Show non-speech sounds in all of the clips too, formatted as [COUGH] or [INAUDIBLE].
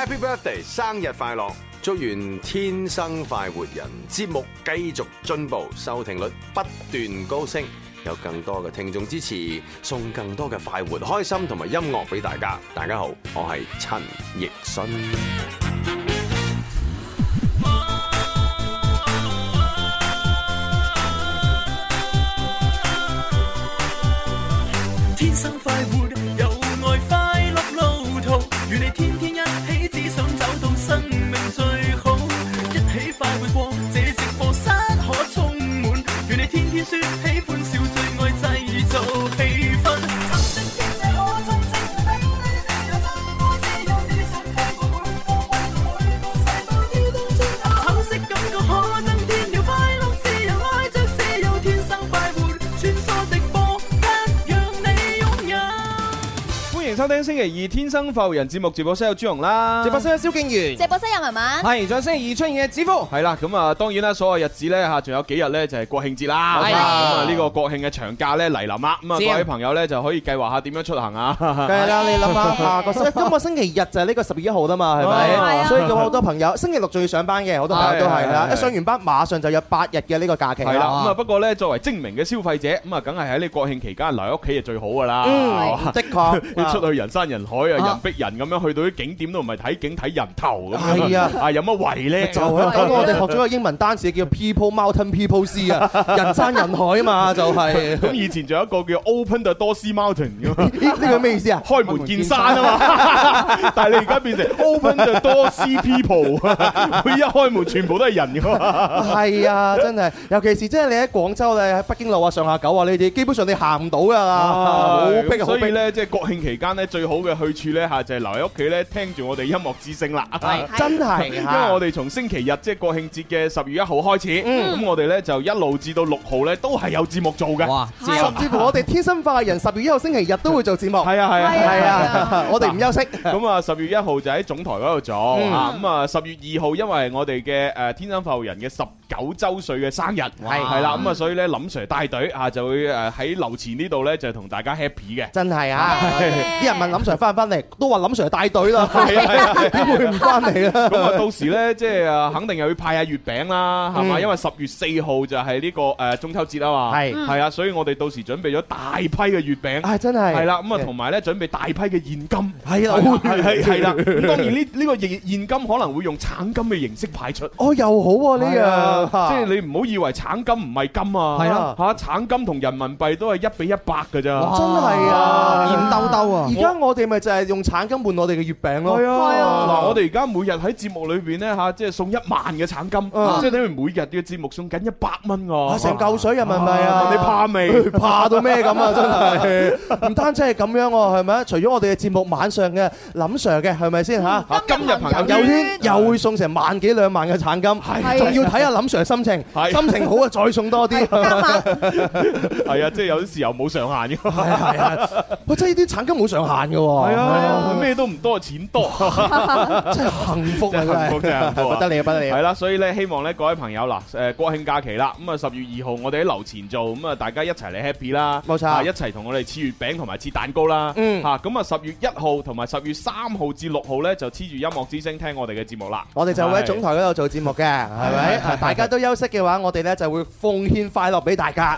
Happy birthday！生日快樂，祝願天生快活人節目繼續進步，收聽率不斷高升，有更多嘅聽眾支持，送更多嘅快活、開心同埋音樂俾大家。大家好，我係陳奕迅。星期二天生快活人節目直播室有朱紅啦，直播室有蕭敬源，直播室有文文，係仲有星期二出現嘅指富，係啦，咁、嗯、啊，當然啦，所有日子咧吓，仲有幾日咧就係、是、國慶節啦，咁啊呢個國慶嘅長假咧嚟臨啊，咁啊各位朋友咧就可以計劃下點樣出行啊，梗係啦，你諗下個，下 [LAUGHS] 星今個星期日就係呢個十月一號啦嘛，係咪？ [LAUGHS] 所以咁好多朋友星期六仲要上班嘅，好多朋友都係啦，一上完班馬上就有八日嘅呢個假期啦。咁啊、嗯、不過咧作為精明嘅消費者，咁啊梗係喺呢國慶期間留喺屋企係最好噶啦，嗯，是的確，要 [LAUGHS] 出去人生。人海啊，人逼人咁樣，去到啲景點都唔係睇景睇人頭咁，係啊，啊有乜圍咧？就喺、啊、我哋學咗個英文單詞叫 people mountain people sea 啊， [LAUGHS] 人山人海啊嘛，就係、是、咁。以前仲有一個叫 open the door see mountain 呢個咩意思啊？開門見山啊嘛， [LAUGHS] 但係你而家變成 open the door see people 佢 [LAUGHS] 一開門全部都係人噶嘛。係 [LAUGHS] 啊，真係，尤其是即係你喺廣州咧，喺北京路啊、上下九啊呢啲，基本上你行唔到噶，好、啊、逼，所以咧即係國慶期間咧最好。嘅去處咧嚇，就係留喺屋企咧聽住我哋音樂之聲啦，真係，因為我哋從星期日即係國慶節嘅十月一號開始，咁我哋咧就一路至到六號咧都係有節目做嘅，甚至乎我哋天生快活人十月一號星期日都會做節目，係啊係啊係啊，我哋唔休息。咁啊十月一號就喺總台嗰度做，咁啊十月二號因為我哋嘅誒天生快活人嘅十九周歲嘅生日，係係啦，咁啊所以咧林 Sir 帶隊吓就會誒喺樓前呢度咧就同大家 happy 嘅。真係啊，啲人問林。就翻翻嚟，都話林 Sir 帶隊啦，點會唔翻嚟啊？咁啊，到時咧，即係啊，肯定又要派下月餅啦，係嘛？因為十月四號就係呢個誒中秋節啊嘛，係係啊，所以我哋到時準備咗大批嘅月餅，係真係係啦。咁啊，同埋咧，準備大批嘅現金，係啊，係係啦。咁當然呢呢個現現金可能會用橙金嘅形式派出，哦，又好喎呢樣，即係你唔好以為橙金唔係金啊，係啦嚇，橙金同人民幣都係一比一百㗎咋，真係啊，現兜兜啊，而家我哋。你咪就係用橙金換我哋嘅月餅咯。係啊，嗱，我哋而家每日喺節目裏邊咧嚇，即係送一萬嘅橙金，即係等於每日嘅節目送緊一百蚊喎。嚇，成嚿水啊，咪咪啊！你怕未？怕到咩咁啊？真係唔單止係咁樣喎，係咪？除咗我哋嘅節目晚上嘅林 Sir 嘅係咪先嚇？今日朋友圈又會送成萬幾兩萬嘅橙金，係仲要睇下林 Sir 心情，心情好啊再送多啲。係啊，即係有啲時候冇上限嘅。係啊，我真係啲橙金冇上限㗎喎。係、哦、啊，咩、啊啊啊啊啊啊、都唔多，錢多，真係幸福啊！真係幸福、啊，真係、啊。不得了、啊、不得了啊！係啦，所以咧，希望咧，各位朋友嗱，誒、呃，國慶假期啦，咁、嗯、啊，十月二號我哋喺樓前做，咁啊，大家一齊嚟 happy 啦，冇錯、啊，一齊同我哋切月餅同埋切蛋糕啦，嗯，吓咁啊，十、嗯、月一號同埋十月三號至六號咧，就黐住音樂之聲聽我哋嘅節目啦。我哋就會喺總台嗰度做節目嘅，係咪？大家都休息嘅話，我哋咧就會奉獻快樂俾大家。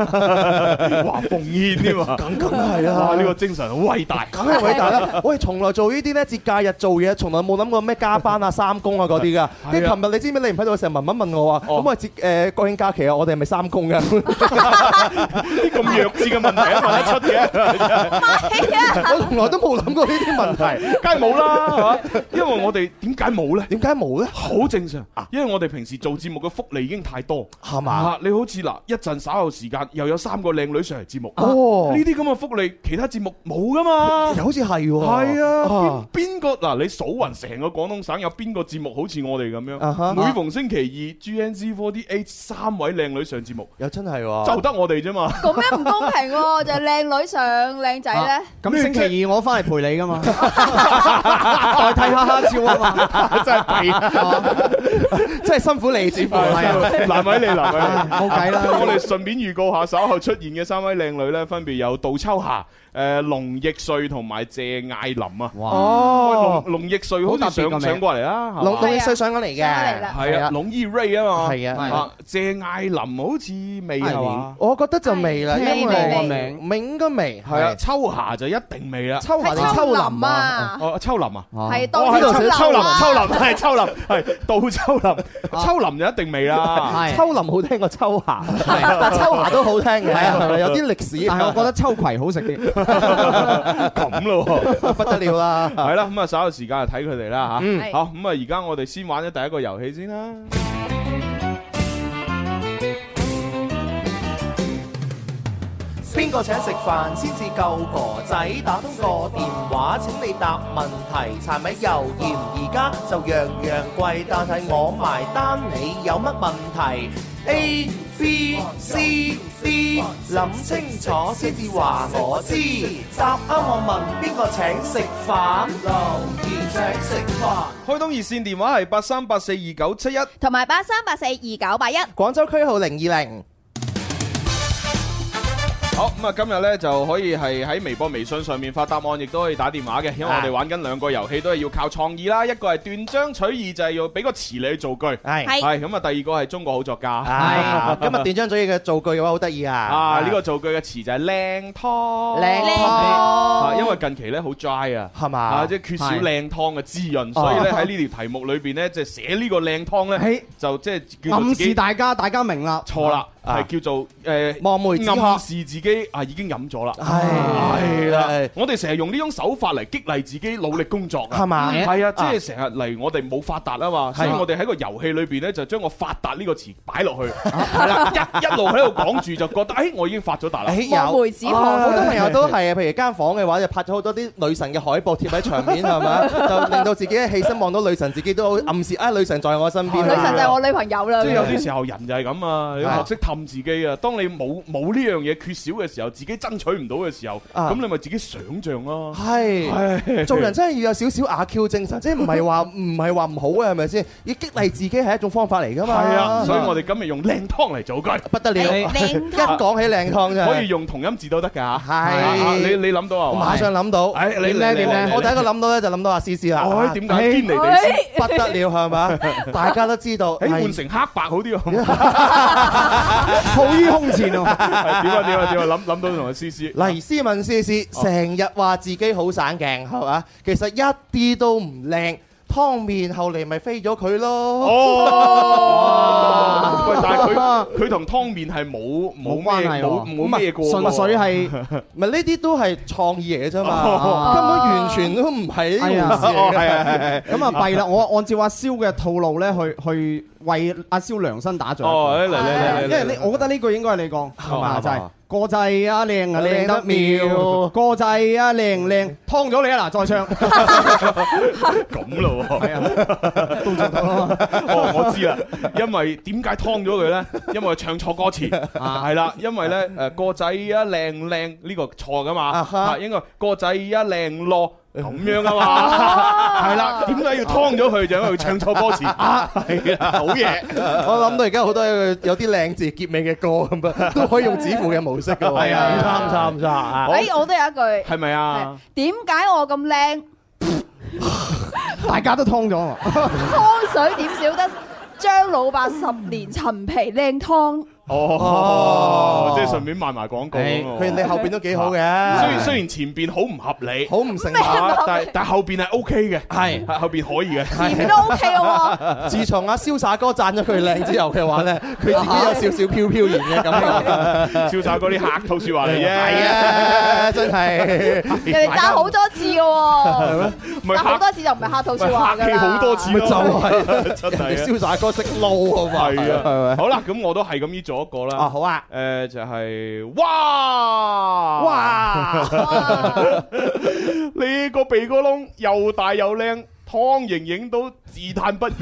哇，奉獻添啊！梗梗係啦，呢個精神好偉大，梗係偉大。 [LAUGHS] 我哋 [MUSIC] 從來做呢啲咧，節假日做嘢，從來冇諗過咩加班啊、三公啊嗰啲噶。你琴日你知唔知？你唔喺度成日問問問我啊。咁、哦、啊節誒、呃、國慶假期啊，我哋係咪三公噶？啲 [LAUGHS] 咁 [LAUGHS] 弱智嘅問題啊，問得出嘅。 [LAUGHS] 啊、我從來都冇諗過呢啲問題，梗係冇啦嚇。 [LAUGHS] 因為我哋點解冇咧？點解冇咧？好正常啊，因為我哋平時做節目嘅福利已經太多係嘛、啊？你好似嗱，一陣稍後時間又有三個靚女上嚟節目。哦，呢啲咁嘅福利，其他節目冇㗎嘛？又好似係。係啊，邊個嗱？你數匀成個廣東省有邊個節目好似我哋咁樣？每逢星期二，GNZ48 三位靚女上節目，又真係喎，就得我哋啫嘛？咁樣唔公平喎，就靚女上，靚仔咧？咁星期二我翻嚟陪你噶嘛，代替下拍照啊嘛，真係弊，真係辛苦你，師傅，難為你，難為你，冇計啦。我哋順便預告下稍後出現嘅三位靚女咧，分別有杜秋霞。誒、呃，龍逸瑞同埋謝艾琳啊！哇，龍龍逸瑞好似上上過嚟啊！龍龍逸瑞上過嚟嘅，係啊，龍 e ray 啊嘛，係啊，啊，啊，啊，啊，啊，啊，謝艾琳好似未我覺得就未啦，哎，因為個，哎、名名未係啊。秋霞就一定未啦，啊。秋林、啊啊、秋林，啊，是啊，秋林啊，啊，哦，秋林啊，係杜、啊秋，啊啊哦秋，啊、 [LAUGHS] 秋林，秋林係秋林係杜秋林，秋林就一定未啦，啊。秋林好聽過秋霞，但秋霞都好聽嘅，係咪？有啲歷史，但我覺得秋葵好食啲。咁 [LAUGHS] 咯 [LAUGHS] 樣吧， [LAUGHS] 不得了啦！ [LAUGHS] 係啦，咁啊稍有時間就睇佢哋啦吓、嗯。好，咁啊而家我哋先玩咗第一個遊戲先啦。邊個請食飯先至夠？哥仔打通個電話，請你答問題。柴米油鹽而家就樣樣貴，但係我埋單。你有乜問題？A B C D，諗清楚先至話我知。答啱，我問，邊個請食飯？留言請食飯。開通熱線電話係八三八四二九七一，同埋八三八四二九八一。廣州區號零二零。好咁啊、嗯！今日咧就可以係喺微博、微信上面發答案，亦都可以打電話嘅。因為我哋玩緊兩個遊戲，都係要靠創意啦。一個係斷章取義，就係、是、要俾個詞你去造句。係係咁啊！第二個係中國好作家。係、哎、 [LAUGHS] 今日斷章取義嘅造句嘅話，好得意啊！啊，呢、這個造句嘅詞就係靚湯，靚湯、啊。因為近期咧好 dry 啊，係嘛？啊，即、就、係、是、缺少靚湯嘅滋潤，所以咧喺呢條題目裏邊咧，即係寫呢個靚湯咧，就即、是、係、哎、暗示大家，大家明啦。錯啦。係叫做誒，望梅暗示自己啊已經飲咗啦。係啦，我哋成日用呢種手法嚟激勵自己努力工作啊。係嘛？係啊，即係成日嚟我哋冇發達啊嘛，所以我哋喺個遊戲裏邊咧就將個發達呢個詞擺落去，一一路喺度講住就覺得，哎，我已經發咗達啦。有。望梅止渴，好多朋友都係啊。譬如間房嘅話，就拍咗好多啲女神嘅海報貼喺牆面，係嘛？就令到自己嘅氣氛望到女神，自己都暗示啊，女神在我身邊。女神就係我女朋友啦。即係有啲時候人就係咁啊，要學識投。暗自己啊！當你冇冇呢樣嘢缺少嘅時候，自己爭取唔到嘅時候，咁你咪自己想象咯。係，做人真係要有少少阿 Q 精神，即係唔係話唔係話唔好嘅，係咪先？要激勵自己係一種方法嚟噶嘛。係啊，所以我哋今日用靚湯嚟做句不得了。靚一講起靚湯真係可以用同音字都得噶吓。係，你你諗到啊？我馬上諗到。誒，你靚唔靚？我第一個諗到咧就諗到阿詩詩啦。點解天雷地閃？不得了係嘛？大家都知道。誒，換成黑白好啲。曝 [LAUGHS] 於胸空前啊！ [LAUGHS] 點啊點啊點啊！諗，諗到同阿思思，黎思文思思成日話自己好省鏡，係嘛？其實一啲都唔靚，湯麵後嚟咪飛咗佢咯。哦，哦哦哦喂，但係佢佢同湯麵係冇冇關係啊，冇冇咩嘢過純粹係咪呢啲都係創意嚟嘅啫嘛？根本完全都唔係呢件事。係，哎哎 [LAUGHS] [LAUGHS] 哦、啊係咁啊弊啦，啊 [LAUGHS] 嗯！我按照阿蕭嘅套路咧去去。去為阿蕭量身打造，因為呢，我覺得呢句應該係你講，係、這個、嘛，就係個仔啊靚啊靚得妙，個仔啊靚靚，劏咗你啊嗱，再唱咁咯，都得，哦，我知啦，因為點解劏咗佢咧？因為佢唱錯歌詞，係啦，因為咧誒，個仔啊靚靚呢個錯噶嘛，應該個仔啊靚咯。咁樣啊嘛，係啦，點解要湯咗佢？就喺度唱錯歌詞啊，係啊， [LAUGHS] 好嘢！我諗到而家好多有啲靚字結尾嘅歌咁啊，都可以用指付嘅模式噶，係啊，唔錯唔錯唔錯啊！喂，所以我都有一句，係咪啊？點解我咁靚？ [LAUGHS] 大家都湯咗啊！ [LAUGHS] 湯水點少得？張老伯十年陳皮靚湯。哦，即係順便賣埋廣告。佢你後邊都幾好嘅，雖然雖然前邊好唔合理，好唔成話，但係但係後邊係 OK 嘅，係後邊可以嘅，前面都 OK 喎。自從阿瀟灑哥讚咗佢靚之後嘅話咧，佢自己有少少飄飄然嘅感覺。瀟灑哥啲客套說話嚟啫，係啊，真係人哋讚好多次嘅。係咩？唔係多次，又唔係客套説客氣，好多次咪就係真係，瀟灑 [LAUGHS] 了哥識撈係啊！好啦，咁我都係咁依做一個啦。啊好啊，誒、呃、就係、是，哇哇，呢個鼻哥窿又大又靚，湯盈盈都～自嘆不如，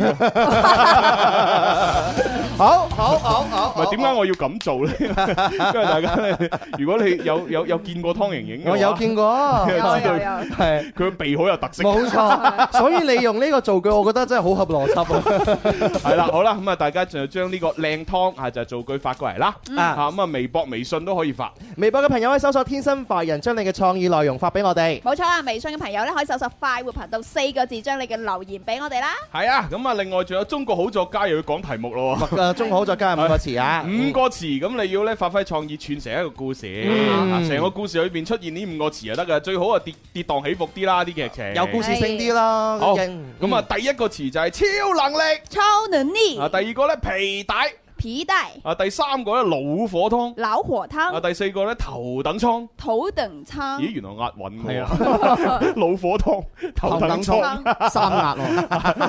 好好好好。唔係，點解我要咁做咧？因為大家咧，如果你有有有見過湯盈盈嘅話，我有見過，絕對係佢個鼻好有特色。冇錯，所以你用呢個造句，我覺得真係好合邏輯啊！係啦，好啦，咁啊，大家就將呢個靚湯啊，就係造句發過嚟啦。啊，咁啊，微博、微信都可以發。微博嘅朋友可以搜索天生快活人，將你嘅創意內容發俾我哋。冇錯啦，微信嘅朋友咧可以搜索快活頻道四個字，將你嘅留言俾我哋啦。係啊，咁、嗯、啊，另外仲有中國好作家又要講題目咯、啊。中國好作家係五個詞啊，嗯、五個詞，咁你要咧發揮創意，串成一個故事。成、嗯啊、個故事裏邊出現呢五個詞就得噶，最好啊跌跌宕起伏啲啦，啲劇情有故事性啲啦。好、嗯，咁、哦嗯、啊，第一個詞就係超能力，超能力。啊，第二個咧皮帶。皮帶啊，第三個咧老火湯，老火湯啊，第四個咧頭等艙，頭等艙。咦，原來押韻嘅？係啊， [LAUGHS] 老火湯，頭等艙，三押咯。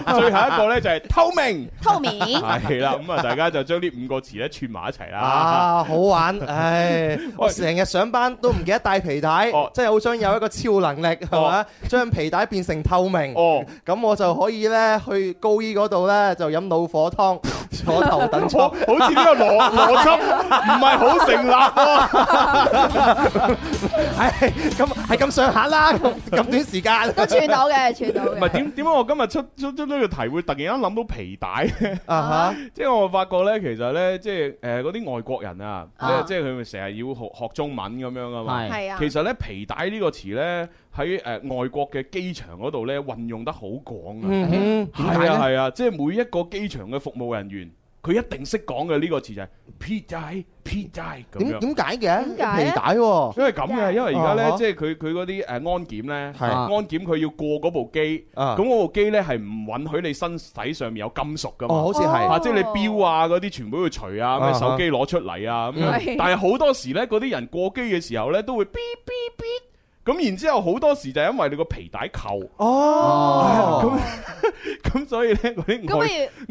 [LAUGHS] 最後一個咧就係、是、透明，透明係啦。咁啊、嗯，大家就將呢五個詞咧串埋一齊啦。啊，好玩。唉、哎哎，我成日上班都唔記得帶皮帶，即係好想有一個超能力係嘛，將、哦、皮帶變成透明。哦，咁我就可以咧去高爾嗰度咧就飲老火湯， [LAUGHS] 坐頭等艙。哦哦 [LAUGHS] 好似呢個邏邏輯唔係好成立喎，係咁係咁上下啦，咁短時間都串到嘅，串到嘅。唔係點點解我今日出出呢個題會突然間諗到皮帶啊？ [LAUGHS] uh huh。即係我發覺咧，其實咧，即係誒嗰啲外國人啊，uh huh。即係佢咪成日要學學中文咁樣啊嘛。係啊、uh，huh。其實咧皮帶呢個詞咧喺誒外國嘅機場嗰度咧運用得好廣啊。嗯係啊係啊，即係每一個機場嘅服務人員。佢一定識講嘅呢個詞就係皮帶，皮帶咁樣。點解嘅？點解皮帶喎？因為咁嘅，因為而家咧，即係佢佢嗰啲誒安檢咧，安檢佢要過嗰部機，咁嗰部機咧係唔允許你身體上面有金屬㗎嘛。哦，好似係。啊，即係你錶啊嗰啲全部都要除啊，咩手機攞出嚟啊咁。但係好多時咧，嗰啲人過機嘅時候咧，都會。咁然之後好多時就係因為你個皮帶扣哦，咁、哦、咁、嗯嗯嗯嗯、所以咧嗰啲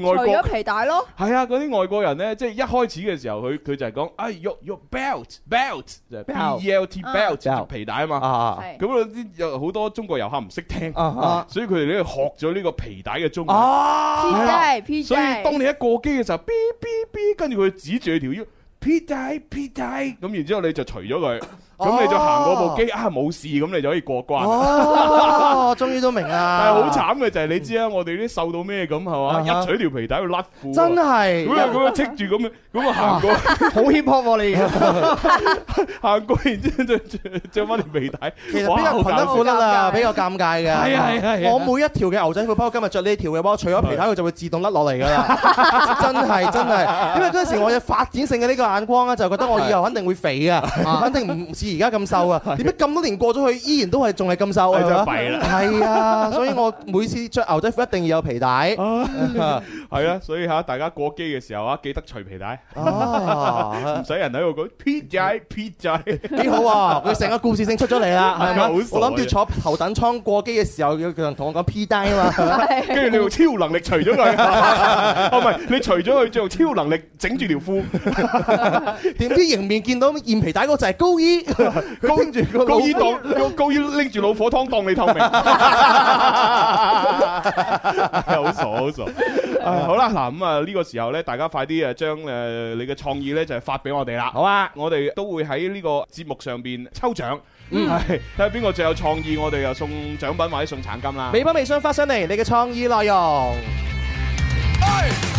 外外國除咗皮帶咯，係啊嗰啲外國人咧，即、就、係、是、一開始嘅時候，佢佢就係講，哎，用用 belt belt 就 belt belt,、uh, belt" 就皮帶啊嘛，咁、uh, 啲、uh, 嗯嗯嗯嗯、有好多中國遊客唔識聽，uh, uh, 所以佢哋咧學咗呢個皮帶嘅中文啊，uh, uh, 所以當你一過機嘅時候，b b b 跟住佢指住條腰，皮帶皮帶咁、嗯，然之後你就除咗佢。咁、哦、你就行過部機啊，冇事咁你就可以過關。哦， [LAUGHS] 終於都明啦。但係好慘嘅就係你知啦，我哋啲瘦到咩咁係嘛？入、嗯、除、啊、條皮帶去甩褲。真係。咁啊咁啊，黐住咁啊咁啊行過。好 hip hop 你行過，然之後着著翻條皮帶。其實邊個裙得褲甩啊，比較尷尬嘅。係係係。我每一條嘅牛仔褲，包括今日着呢條嘅，包除咗皮帶，佢就會自動甩落嚟㗎啦。真係真係。因為嗰陣時我嘅發展性嘅呢個眼光咧，就覺得我以後肯定會肥啊，肯定唔唔而家咁瘦啊？點解咁多年過咗去，依然都係仲係咁瘦啊？真係弊啦！係啊，所以我每次著牛仔褲一定要有皮帶。係啊，啊，啊，所以嚇、啊、大家過機嘅時候啊，記得除皮帶。唔、啊、使、啊啊、人喺度講皮仔，皮仔幾、啊、好啊！佢成個故事性出咗嚟啦。對我諗住坐頭等艙過機嘅時候，要人同我講皮帶啊嘛。跟住、啊啊、 [LAUGHS] 你用超能力除咗佢，哦唔係你除咗佢，最用超能力整住條褲。點知迎面見到驗皮帶嗰個就係高醫。高住高衣檔，高衣拎住老火湯當你透明，好傻好傻。傻 [LAUGHS] uh, 好啦，嗱咁啊，呢個時候咧，大家快啲誒，將誒你嘅創意咧，就係發俾我哋啦。好啊，我哋都會喺呢個節目上邊抽奬。嗯，係睇下邊個最有創意，我哋又送獎品或者送產金啦。微博微信發上嚟，你嘅創意內容。哎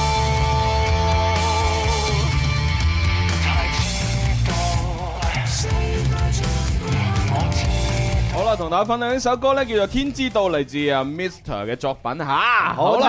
同大家分享呢首歌咧，叫做《天之道》，嚟自啊 Mr 嘅作品吓。好、啊、咧，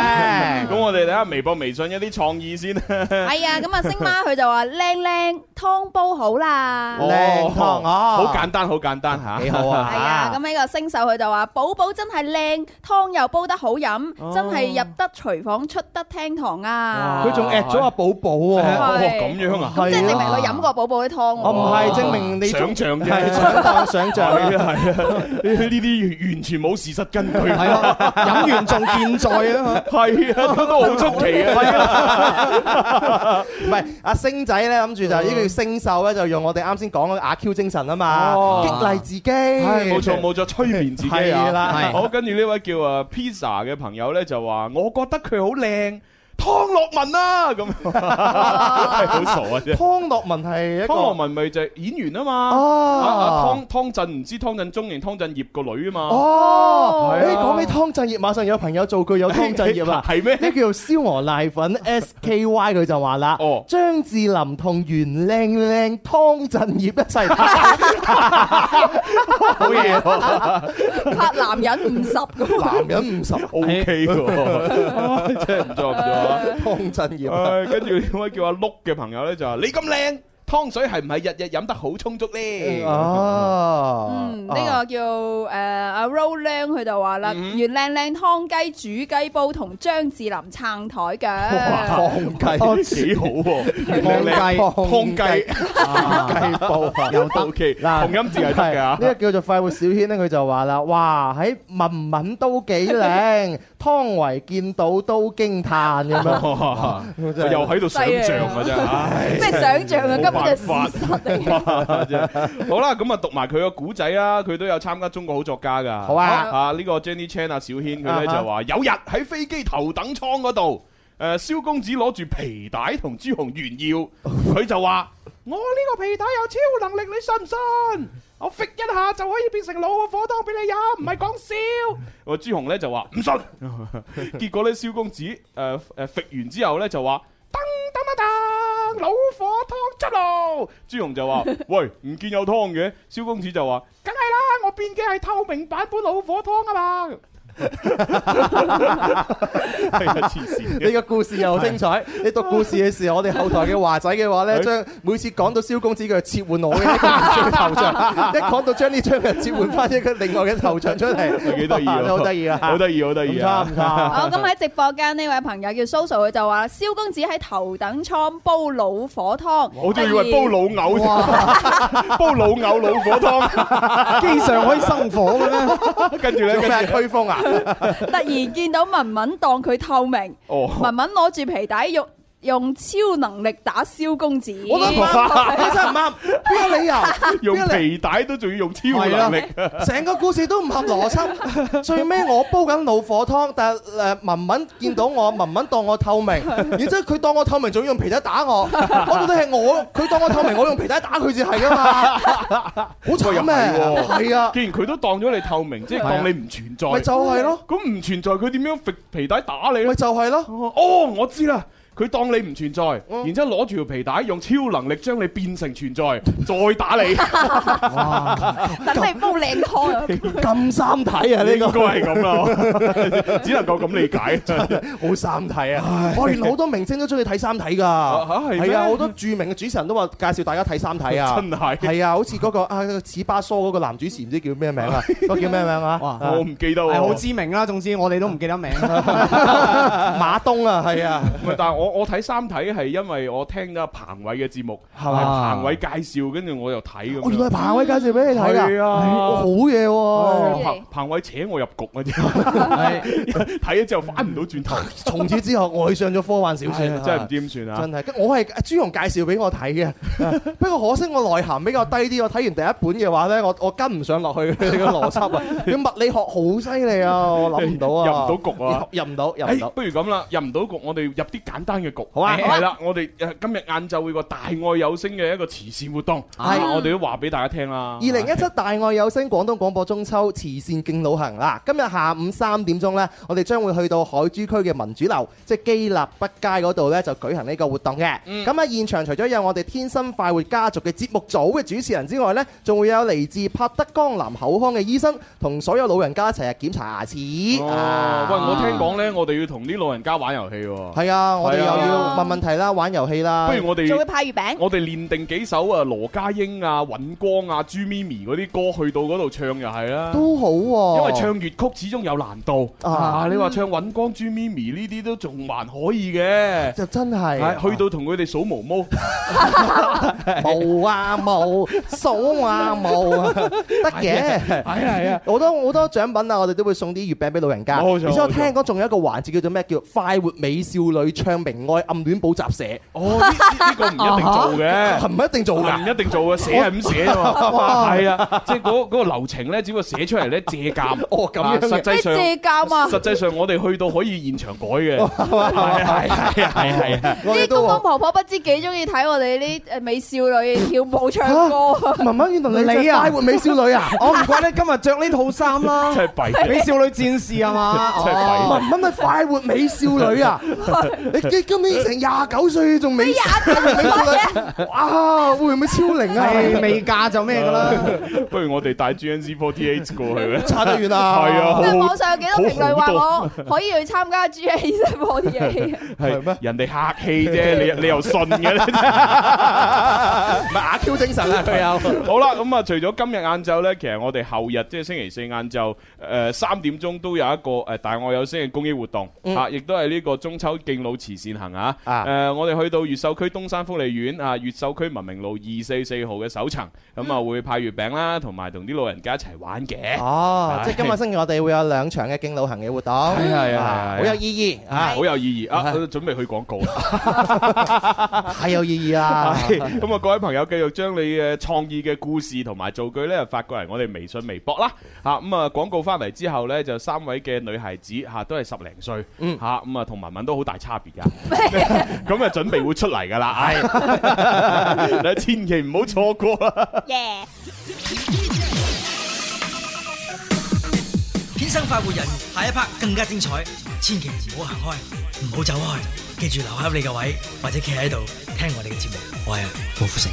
咁、啊、我哋睇下微博、微信一啲創意先。係啊，咁啊星媽佢就話靚靚湯煲好啦，靚湯哦，好、哦啊、簡單，好簡單吓。係啊，咁呢、啊、個星嫂佢就話寶寶真係靚湯又煲得好飲、啊，真係入得廚房出得廳堂啊。佢仲 at 咗阿寶寶喎，咁、啊、樣啊？啊即係證明佢飲過寶寶啲湯。哦、啊，唔係、啊啊啊、證明你想象啫，想想象，係啊。 [LAUGHS] 呢啲完全冇事實根據，係咯， [LAUGHS] 飲完仲健在啊！係 [LAUGHS] 啊，都好出奇啊！唔係阿星仔咧，就是，諗住就呢個叫星秀咧，就用我哋啱先講嘅阿 Q 精神啊嘛，啊激勵自己。冇錯，冇錯，催眠自己、啊、啦。的好，跟住呢位叫啊 Pizza 嘅朋友咧，就話我覺得佢好靚。湯樂文啦、啊，咁好、啊、傻啊！湯、啊、樂文係湯樂文，咪就係演員啊嘛。啊啊啊湯湯鎮唔知湯鎮中定湯鎮業個女啊嘛。哦、啊，誒、啊，講起湯鎮業，馬上有朋友做句有湯鎮業、欸欸哦、靚靚湯業啊，係咩？呢叫做燒鵝瀨粉 S K Y，佢就話啦，張智霖同袁靚靚湯鎮業一齊拍，好嘢，拍男人五十咁。男人五十 O K，真係唔錯。啊湯鎮業，誒，跟住點解叫阿碌嘅朋友咧就話：你咁靚。湯水係唔係日日飲得好充足咧？哦、啊 [LAUGHS] 嗯啊這個 uh,，嗯，呢個叫阿 Roland 佢就話啦，越靚靚湯雞煮雞煲同張智霖撐台腳，湯雞幾好喎，湯雞湯雞煲又倒黴，嗱同音字係得㗎。呢、這個叫做快活小軒呢佢就話啦，哇喺文文都幾靚，湯 [LAUGHS] 唯見到都驚歎咁樣，又喺度想像㗎啫，即係想像啊，今發 [LAUGHS] 好啦，咁啊，讀埋佢嘅古仔啦，佢都有參加中國好作家噶。好啊，啊呢、這個 Jenny Chan 啊小軒佢咧就話有日喺飛機頭等艙嗰度，誒、呃、蕭公子攞住皮帶同朱紅炫耀，佢就話 [LAUGHS] 我呢個皮帶有超能力，你信唔信？我揈一下就可以變成老火湯俾你飲，唔係講笑。 [LAUGHS] 朱紅咧就話唔信，結果咧蕭公子誒誒揈完之後咧就話。燈燈啊燈，老火湯出爐，朱紅就話：「喂，唔見有湯嘅。」蕭 [LAUGHS] 公子就話：「梗係啦，我變嘅係透明版本老火湯啊嘛。」 [LAUGHS] 你個故事又精彩。你讀故事嘅時候，我哋後台嘅華仔嘅話咧，將每次講到蕭公子佢切換我嘅頭像，一講到將呢張嘅切換翻一個另外嘅頭像出嚟，幾得意啊！好得意啊！好得意，好得意好，唔差唔差。哦，咁喺直播間呢位朋友叫蘇蘇，佢就話：蕭公子喺頭等艙煲老火湯。我都以為煲老藕，煲老藕 [LAUGHS] 老，老火湯，機 [LAUGHS] 上可以生火嘅咩？ [LAUGHS] 跟住咧，咩吹風啊？ [LAUGHS] 突然見到文文當佢透明，oh. 文文攞住皮帶喐。用超能力打蕭公子，我都唔啱，真係唔啱，邊有理由用皮帶都仲要用超能力？成 [LAUGHS] 個故事都唔合邏輯。最尾我煲緊老火湯，但係誒文文見到我，文文當我透明，然之後佢當我透明，仲要用皮帶打我。我覺得係我，佢當我透明，我用皮帶打佢，至係噶嘛，好彩有咩？係啊，既然佢都當咗你透明，即係、就是、當你唔存在，咪就係、是、咯。咁唔存在，佢點樣皮帶打你？咪就係、是、咯。哦，我知啦。佢當你唔存在，然之後攞住條皮帶，用超能力將你變成存在，再打你。哇！ [LAUGHS] 等你煲靚湯。咁 [LAUGHS] 三體啊，呢個？呢個係咁咯，只能夠咁理解。好 [LAUGHS] 三體啊！我連好多明星都中意睇三體㗎。嚇係。係啊，好、啊、多著名嘅主持人都話介紹大家睇三體啊。真係。係啊，好似嗰、那個啊，似巴疏嗰個男主持唔知叫咩名啊？嗰 [LAUGHS] 叫咩名啊？ [LAUGHS] 哇啊？我唔記得、啊。好、哎、知名啦、啊，總之我哋都唔記得名、啊。 [LAUGHS] 馬東啊，係啊。 [LAUGHS] 但係我我睇三體係因為我聽咗彭偉嘅節目，係咪彭偉介紹，跟住我又睇咁。原來係彭偉介紹俾你睇啦。啊，欸、好嘢喎、啊！彭彭偉請我入局嗰啲，睇咗 [LAUGHS] 之後反唔到轉頭。 [LAUGHS] 從此之後愛上咗科幻小說，的的真係唔知點算啊！真係，我係朱紅介紹俾我睇嘅。不過可惜我內涵比較低啲， [LAUGHS] 我睇完第一本嘅話咧，我我跟唔上落去嘅邏輯啊！個 [LAUGHS] 物理學好犀利啊，我諗唔到啊，入唔到局啊，入唔到入唔到、欸。不如咁啦，入唔到局，我哋入啲簡單。嘅局，啊，好啊，係啦，我哋今日晏晝會個大愛有聲嘅一個慈善活動，係我哋都話俾大家聽啦。二零一七大愛有聲廣東廣播中秋慈善敬老行啦，今日下午三點鐘呢，我哋將會去到海珠區嘅民主樓，即係基立北街嗰度呢，就舉行呢個活動嘅。咁、嗯、喺現場除咗有我哋天生快活家族嘅節目組嘅主持人之外呢，仲會有嚟自柏德江南口腔嘅醫生，同所有老人家一齊嚟檢查牙齒。哦、啊，喂，我聽講呢，我哋要同啲老人家玩遊戲。係啊。是又要問問題啦，玩遊戲啦，不如我哋仲會派月餅。我哋練定幾首啊，羅家英啊、尹光啊、朱咪咪嗰啲歌，去到嗰度唱又係啦。都好、啊，因為唱粵曲始終有難度啊，啊！你話唱尹光、朱咪咪呢啲都仲還可以嘅，就真係去到同佢哋數毛毛，冇 [LAUGHS] [LAUGHS] 啊冇毛，數啊冇，得 [LAUGHS] 嘅。係啊係啊，好、哎、多好、哎、多獎品啊！我哋都會送啲月餅俾老人家，而且我聽講仲有一個環節叫做咩？叫快活美少女唱粵。情愛暗戀補習社，哦，呢呢個唔一定做嘅，唔、啊、一定做嘅，嘅，唔一定做嘅，寫係咁寫係啊，即係嗰嗰個流程咧，只不過寫出嚟咧借鑑哦咁，樣實際上借鑑啊，實際上我哋去到可以現場改嘅，係係係係啊！啲公公婆婆不知幾中意睇我哋啲誒美少女跳舞唱歌，文、啊、文，原來你啊快活、啊、美少女啊，我唔怪你今日着呢套衫啦、啊， [LAUGHS] 美少女戰士啊嘛，文文咪快活美少女啊，你、哦今年成廿九歲仲未廿九歲啊！哇，會唔會超齡啊？未嫁就咩㗎啦？不如我哋帶 GNZ48 過去咧，差得遠啦，係啊！網上有幾多評論話我可以去參加 GNZ48，係咩？人哋客氣啫，你你又信嘅咧？唔係阿 Q 精神啊！佢有好啦，咁啊，除咗今日晏晝咧，其實我哋後日即係星期四晏晝誒三點鐘都有一個誒大愛有聲嘅公益活動啊，亦都係呢個中秋敬老慈善。行啊！誒、啊，我哋去到越秀區東山福利院啊，越秀區文明路二四四號嘅首層，咁、嗯、啊、嗯、會派月餅啦，同埋同啲老人家一齊玩嘅。哦、啊，即係今個星期我哋會有兩場嘅敬老行嘅活動，係啊，啊，啊，啊，啊，好有意義啊，好有意義啊！準備去廣告 [LAUGHS] 太有意義啊！咁 [LAUGHS] 啊、嗯，各位朋友繼續將你嘅創意嘅故事同埋造句咧，發過嚟我哋微信、微博啦。嚇、啊、咁啊，啊，啊，廣告翻嚟之後咧，就三位嘅女孩子嚇、啊、都係十零歲，嚇咁啊，同、嗯啊、文文都好大差別㗎。咁啊，準備會出嚟噶啦，唉，你千祈唔好錯過啊 [LAUGHS] 天生快活人，下一 part 更加精彩，千祈唔好行開，唔好走開，記住留喺你嘅位，或者企喺度聽我哋嘅節目。我係、啊、郭富城。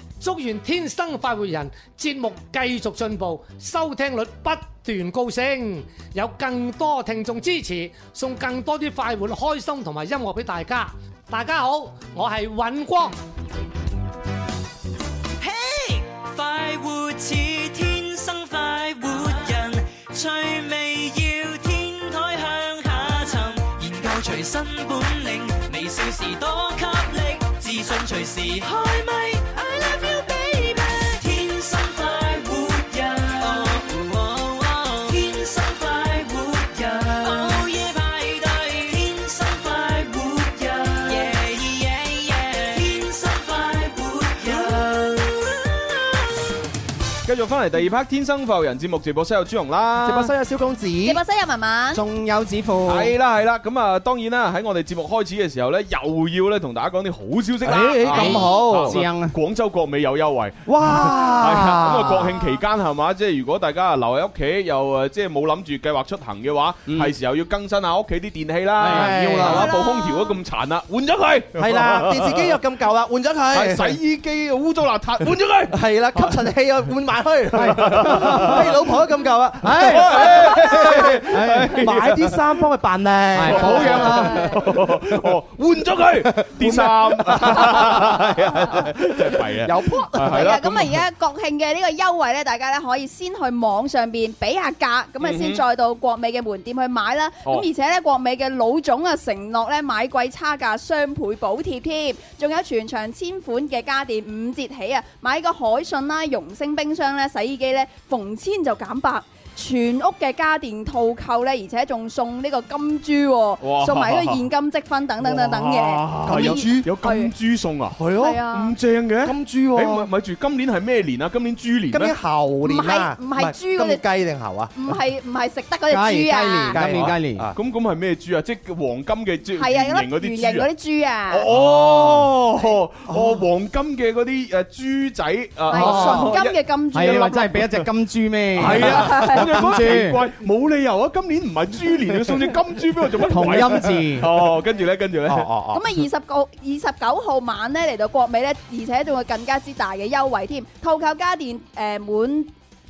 祝願天生快活人節目繼續進步，收聽率不斷高升，有更多聽眾支持，送更多啲快活、開心同埋音樂俾大家。大家好，我係尹光。嘿，快活似天生快活人，趣味要天台向下沉，研究隨身本領，微笑時多給力，自信隨時開咪。繼續翻嚟第二 part《天生快活人》節目直播室有朱紅啦，直播室有小公子，直播室有文文，仲有子父。係啦，係啦，咁啊當然啦，喺我哋節目開始嘅時候咧，又要咧同大家講啲好消息。誒咁好，好正啊，廣州國美有優惠。哇！咁啊國慶期間係嘛？即係如果大家留喺屋企，又誒即係冇諗住計劃出行嘅話，係時候要更新下屋企啲電器啦。要啦，部空調都咁殘啦，換咗佢。係啦，電視機又咁舊啦，換咗佢。洗衣機污糟邋遢，換咗佢。係啦，吸塵器啊，換萬。係係，老婆都咁舊啊！係，買啲衫幫佢扮靚，保養下哦，換咗佢啲衫，真係廢啊！有骨係啦。咁啊，而家國慶嘅呢個優惠咧，大家咧可以先去網上邊比下價，咁啊先再到國美嘅門店去買啦。咁而且咧，國美嘅老總啊，承諾咧買貴差價雙倍補貼添，仲有全場千款嘅家電五折起啊！買個海信啦、容聲冰箱。將洗衣機呢逢千就減百。全屋嘅家電套購咧，而且仲送呢個金豬，送埋呢個現金積分等等等等嘅。有金豬送係啊，係啊，唔正嘅金豬。誒，咪住，今年係咩年啊？今年豬年？今年猴年啊！唔係唔係豬嗰隻雞定猴啊？唔係唔係食得嗰隻豬啊？雞年雞年雞年。咁咁係咩豬啊？即係黃金嘅豬、啊、形嗰啲豬、啊、豬啊？哦哦、啊、哦，黃金嘅嗰啲誒豬仔啊，純金嘅金豬。係你話真係俾一隻金豬咩？係啊。咁奇怪，冇理由啊！今年唔係豬年你送支金豬俾我做乜鬼？同音字 [LAUGHS] 哦，跟住咧，跟住咧，咁、哦、啊、哦哦、 [LAUGHS] 二十個二十九號晚咧嚟到國美咧，而且仲有更加之大嘅優惠添，套購家電誒、呃、滿。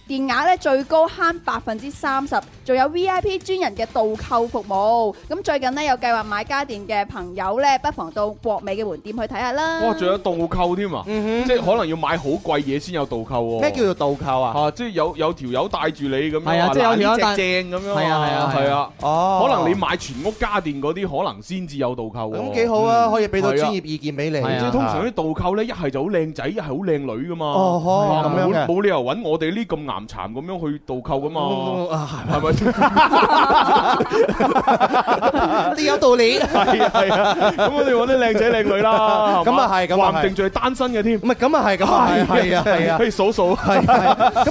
電額咧最高慳百分之三十，仲有 V.I.P 專人嘅導購服務。咁最近呢，有計劃買家電嘅朋友咧，不妨到國美嘅門店去睇下啦。哇，仲有導購添啊、嗯！即係可能要買好貴嘢先有導購。咩叫做導購啊？嚇、啊，即係有有條友帶住你咁樣，攬起隻正，咁樣、啊。係啊係啊係啊，啊，啊！哦，可能你買全屋家，家電嗰啲，可能先至有導購。咁、嗯、幾好啊，可以俾到專業意見俾你。即係、啊啊啊、通常啲導購咧，一係就好靚仔，一係好靚女噶嘛。咁樣冇理由揾我哋呢咁。南禪咁樣去倒扣噶嘛？係咪？啲 [MUSIC] [LAUGHS] 有道理。係啊，啊！咁我哋揾啲靚仔靚女啦。咁啊係，咁啊定最單身嘅添。唔係，咁啊係，咁係，係啊，係啊。可以數數。係，咁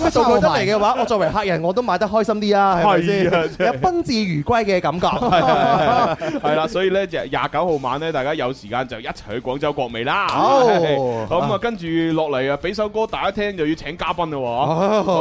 啊，倒扣、啊啊啊啊、得嚟嘅話，我作為客人，我都買得開心啲啊，係咪、啊、有賓至如歸嘅感覺。係係啦，所以咧就廿九號晚咧，大家有時間就一齊去廣州國美啦。好、哦。咁、嗯、啊，跟住落嚟啊，俾首歌大家聽，又要請嘉賓啦。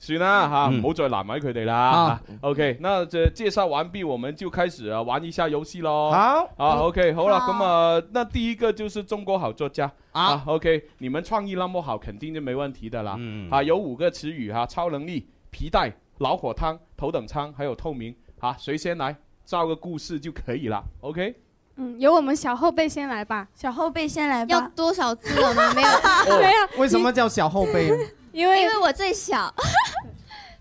算、嗯啊嗯、啦吓，唔好再難為佢哋啦。OK，那介介紹完畢，我們就開始啊玩一下遊戲咯。好、啊，好、啊、OK，嗯、好啦，咁啊，那第一個就是中國好作家啊，啊。OK，你們創意那麼好，肯定就沒問題的啦。嗯、啊，有五個詞語哈、啊，超能力、皮帶、老火湯、頭等艙，還有透明。啊，誰先來造個故事就可以了。OK。嗯，由我們小後輩先來吧。小後輩先來吧。要多少字啊？我們沒有， [LAUGHS] 沒有。Oh, 為什麼叫小後輩？ [LAUGHS] 因為因為我最小。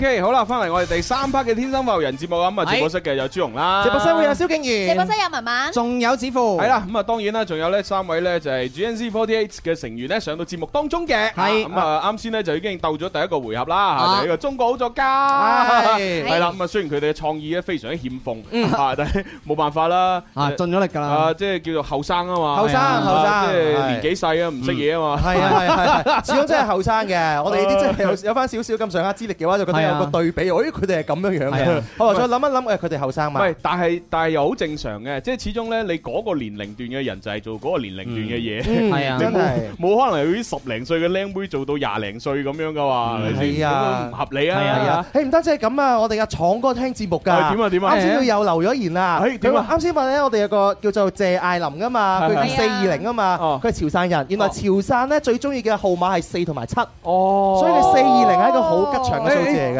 O.K. 好啦，翻嚟我哋第三 part 嘅天生快活人節目咁啊，直播室嘅有朱紅啦，直播室會有蕭敬堯，直播室有文文，仲有子富。係啦，咁啊當然啦，仲有咧三位咧就係 G.N.Z. Forty Eight 嘅成員咧上到節目當中嘅。係咁啊，啱先咧就已經鬥咗第一個回合啦。嚇，就呢個中國好作家。係啦，咁啊雖然佢哋嘅創意咧非常之欠奉，啊但係冇辦法啦，啊盡咗力㗎啦。啊，即係叫做後生啊嘛，後生後生，即係年紀細啊，唔識嘢啊嘛。係啊係啊，始終真係後生嘅。我哋呢啲真係有有翻少少咁上下資歷嘅話，就覺得。個對比，我咦佢哋係咁樣樣嘅。好喇再諗一諗，誒佢哋後生嘛。喂，但係但係又好正常嘅，即係始終咧，你嗰個年齡段嘅人就係做嗰個年齡段嘅嘢。係啊，真係冇可能有啲十零歲嘅靚妹做到廿零歲咁樣噶嘛？係咪先？唔合理啊！係啊，誒唔單止係咁啊！我哋嘅廠哥聽節目㗎。點啊點啊！啱先佢又留咗言啦。佢話啱先問咧，我哋有個叫做謝艾琳㗎嘛，佢四二零啊嘛，佢係潮汕人。原來潮汕咧最中意嘅號碼係四同埋七。哦，所以你四二零係一個好吉祥嘅數字嚟嘅。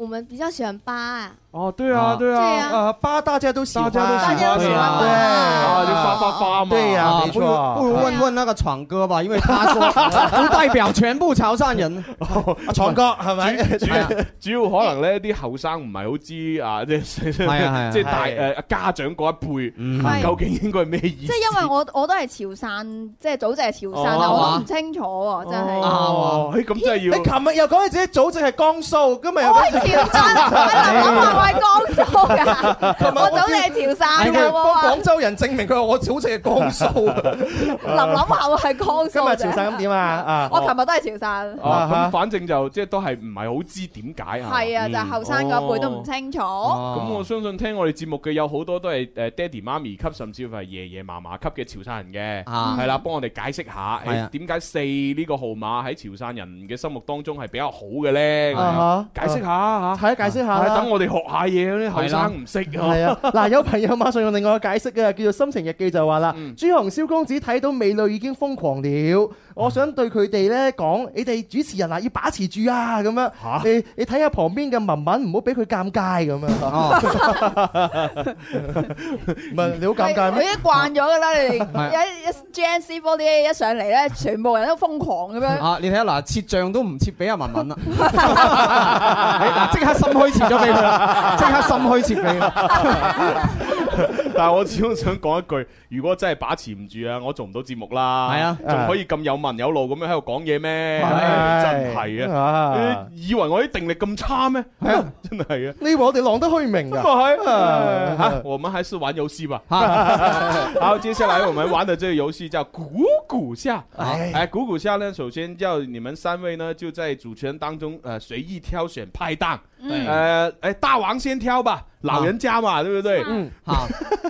我們比較喜歡八啊！哦，對啊，對啊，對啊八，uh, 大家都喜歡，大家都喜歡，大家都喜歡，對啊啊，就八八八嘛，對啊，沒錯，啊啊。不如問問那個闖哥吧，因為他說，呃，不，啊啊、代表全部潮汕人。闖、 [LAUGHS] 啊、哥係咪，啊？主，啊、主要可能呢啲後生唔係好知啊，即係即係大誒家長嗰一輩，究竟應該係咩意思？即係因為我我都係潮汕，即係祖籍係潮汕啊，我唔清楚啊，真、哎、係。哦，就是，咁真係要。你琴日又講自己祖籍係江蘇，今日又。潮州啊！我諗係咪江蘇噶？我好似係潮汕噶。我廣州人證明佢話我好似係江蘇。諗諗下我係江蘇。今日潮汕咁點啊？我琴日都係潮汕。咁、啊啊啊啊啊啊啊啊、反正就即係、就是、都係唔係好知點解啊？係啊，就係後生嗰輩都唔清楚。咁、嗯啊啊啊、我相信聽我哋節目嘅有好多都係誒爹哋媽咪，級甚至乎係爺爺嫲嫲級嘅潮汕人嘅，係、啊、啦，幫、啊、我哋解釋下點解四呢個號碼喺潮汕人嘅心目當中係比較好嘅咧、啊啊？解釋下。啊啊睇、啊，解釋下、啊。等我哋學下嘢，啲後生唔識啊。係啊，嗱，有朋友馬上用另外一個解釋嘅，叫做心情日記，就話啦，嗯、朱紅蕭公子睇到美女已經瘋狂了。我想對佢哋咧講，你哋主持人啊，要把持住啊，咁樣。嚇！你你睇下旁邊嘅文文，唔好俾佢尷尬咁啊。唔 [LAUGHS] 係你好尷尬咩？佢一慣咗噶啦，你哋一一 GNZ48 一上嚟咧、啊，全部人都瘋狂咁樣。啊！你睇下嗱，切像都唔切俾阿文文啦，即 [LAUGHS] [LAUGHS] 刻心虛切咗俾佢，即刻心虛切俾。 [LAUGHS] [LAUGHS] [LAUGHS] 但我始終想講一句，如果真係把持唔住啊，我做唔到節目啦。係啊，仲可以咁有文有路咁樣喺度講嘢咩？真係啊！啊以為我啲定力咁差咩，啊啊？真係啊！你以為我哋浪得虛名是是啊，啊，啊，啊，啊？我們還是玩遊戲吧。 [LAUGHS] [LAUGHS] 好，接下來我們玩的這個遊戲叫鼓鼓下。誒，鼓鼓下呢？首先叫你們三位呢，就在主持人當中誒隨意挑選拍檔。誒、嗯，誒、啊，大王先挑吧，啊，老人家嘛，對不對？嗯。好。 [LAUGHS]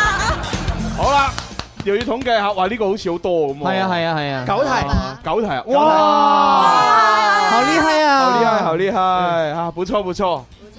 好啦，又要統計下，哇！呢、呢個好似好多咁啊，係啊係啊係啊，九題九題啊，啊，啊哇，哇！好厲害啊，好厲害好厲害、嗯、啊，不錯不錯。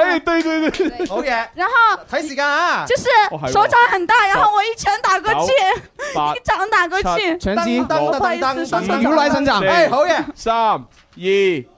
哎，對對對，好耶，然後，睇時間啊，就是手掌很大，然後我一拳打過去，哦、一掌打過去、哦，拳擊，等等等等，唔好賴神站，哎、欸，好嘅，三二。